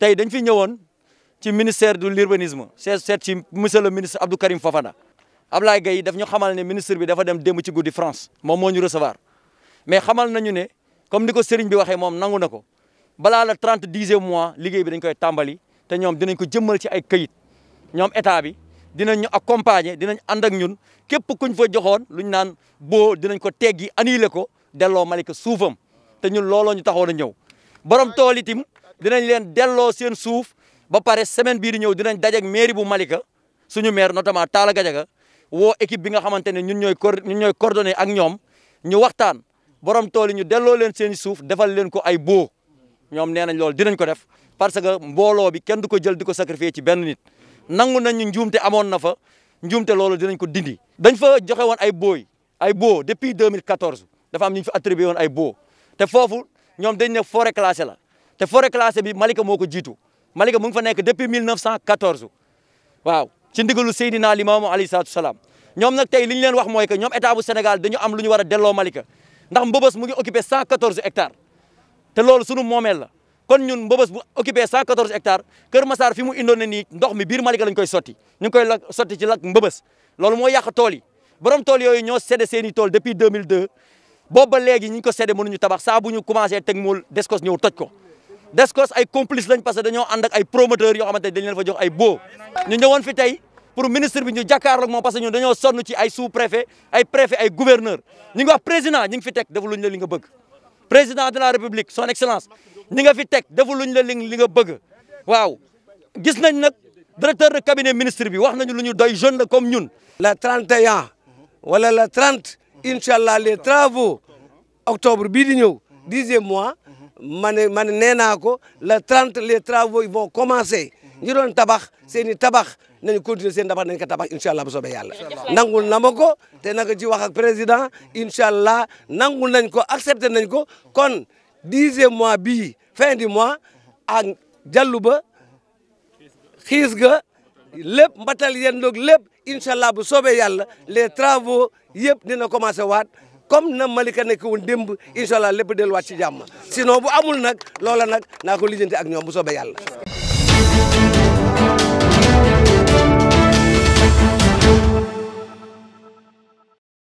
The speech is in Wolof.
tey dañ fi ñëwoon ci ministère de l'urbanisme seet seet ci monsieur le ministre Abdou Karim Fofana Ablaye Gaye daf ñu xamal ne ministre bi dafa dem démb ci guddi France moom moo ñu recevoir mais xamal nañu ne comme ni ko sëriñ bi waxee moom nangu na ko balaa la trente dixième mois liggéey bi dañ koy tàmbali te ñoom dinañ ko jëmmal ci ay kayit ñoom état bi dinañ ñu accompagner dinañ ànd ak ñun képp kuñ fa joxoon lu ñu naan boo dinañ ko teggi annulé ko delloo Malika suufam te ñun looloo ñu taxoon a ñëw borom tool itam dinañ leen delloo seen suuf ba pare semaine bii di ñëw dinañ dajeek mairie bu Malika suñu maire notamment Talla Gadiaga woo équipe bi nga xamante ne ñun ñooy ñun ñooy ak ñoom ñu waxtaan borom tool yi ñu delloo leen seen suuf defal leen ko ay boo ñoom nee nañ loolu dinañ ko def parce que mbooloo bi kenn du ko jël di ko sacrifier ci benn nit nangu nañ ñu njuumte amoon na fa njuumte loolu dinañ ko dindi. dañ fa joxe woon ay booy ay boo depuis 2014 dafa am ñu ñu fa woon ay boo ñoom dañ ne forêt classée la te forêt classée bi Malika moo ko jiitu Malika mu ngi fa nekk depuis 1914 waaw ci ndigalu Seydina Limaamu alayhi salaatu salaam ñoom nag tey li ñu leen wax mooy que ñoom état bu Sénégal dañu am lu ñu war a delloo Malika ndax Mbëbës mu ngi occupé 114 hectares te loolu sunu moomeel la kon ñun Mbëbës bu occupé 114 hectares Kër Massar fi mu indoon ne nii ndox mi biir Malika lañ koy sotti ñu ngi koy sotti ci lak Mbëbës loolu moo yàq tool yi borom tool yooyu ñoo séddee seen i tool depuis boobu ba léegi ñi ñu ko séddee mënuñu tabax saa ñu commencé teg mool Descos ñëw toj ko Descos ay complice lañ parce que dañoo ànd ak ay promoteurs yoo xamante ne dañ leen fa jox ay boo ñu ñëwoon fi tey pour ministre bi ñu jàkkaarloog moom parce que ñun dañoo sonn ci ay sous préfet ay préfet ay gouverneur ñi ngi wax président ñu ngi fi teg defu luñ la li nga bëgg président de la république son excellence ñi nga fi teg defu luñ la li li nga bëgg waaw gis nañ nag directeur de ministre bi wax nañu lu ñu doy jeune la comme ñun le 31 wala le 30 Inshallah les travaux octobre bi di 10 dixième mois mané ne ma le trente les travaux ils vont commencer ñi doon tabax seeni tabax nañu continuer seen tabax nañ ko tabax inshallah allah bu soobee nangul namako té ko naka ci wax ak président inshallah nangul nañ ko accepter nañ ko kon dixième mois bi fin du mois ak jallu ba ga lép mbatal yen doog lépp incha allah bu soobee yàlla les travaux yëpp dina commencé waat comme na Malika nekk woon démb incha allah lépp delluwaat ci jàmm sinon bu amul nag loola nag naa ko lijjanti ak ñoom bu soobee yàlla